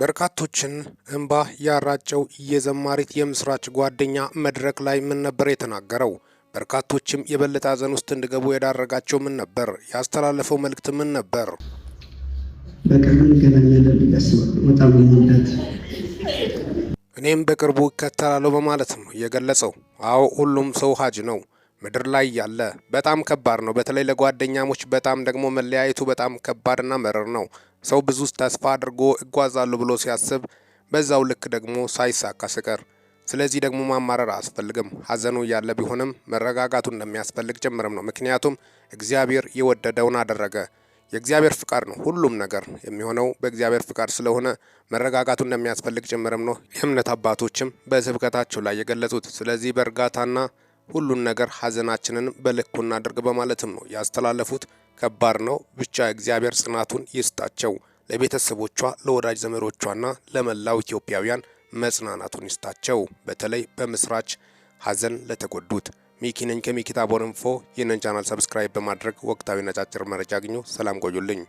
በርካቶችን እንባ ያራጨው የዘማሪት የምስራች ጓደኛ መድረክ ላይ ምን ነበር የተናገረው? በርካቶችም የበለጠ ሀዘን ውስጥ እንዲገቡ የዳረጋቸው ምን ነበር? ያስተላለፈው መልእክት ምን ነበር? በቅርቡ እንገናኛለን እኔም በቅርቡ እከተላለሁ በማለት ነው የገለጸው። አዎ ሁሉም ሰው ሀጅ ነው። ምድር ላይ ያለ በጣም ከባድ ነው። በተለይ ለጓደኛሞች በጣም ደግሞ መለያየቱ በጣም ከባድና መረር ነው። ሰው ብዙ ተስፋ አድርጎ እጓዛሉ ብሎ ሲያስብ በዛው ልክ ደግሞ ሳይሳካ ስቀር ስለዚህ ደግሞ ማማረር አያስፈልግም። ሀዘኑ ያለ ቢሆንም መረጋጋቱ እንደሚያስፈልግ ጭምርም ነው። ምክንያቱም እግዚአብሔር የወደደውን አደረገ። የእግዚአብሔር ፍቃድ ነው። ሁሉም ነገር የሚሆነው በእግዚአብሔር ፍቃድ ስለሆነ መረጋጋቱ እንደሚያስፈልግ ጭምርም ነው የእምነት አባቶችም በስብከታቸው ላይ የገለጹት። ስለዚህ በእርጋታና ሁሉን ነገር ሐዘናችንን በልኩ እናድርግ በማለትም ነው ያስተላለፉት። ከባድ ነው ብቻ እግዚአብሔር ጽናቱን ይስጣቸው፣ ለቤተሰቦቿ ለወዳጅ ዘመዶቿና ለመላው ኢትዮጵያውያን መጽናናቱን ይስጣቸው። በተለይ በምስራች ሐዘን ለተጎዱት ሚኪ ነኝ ከሚኪታ ቦርንፎ። ይህንን ቻናል ሰብስክራይብ በማድረግ ወቅታዊ ነጫጭር መረጃ አግኙ። ሰላም ቆዩልኝ።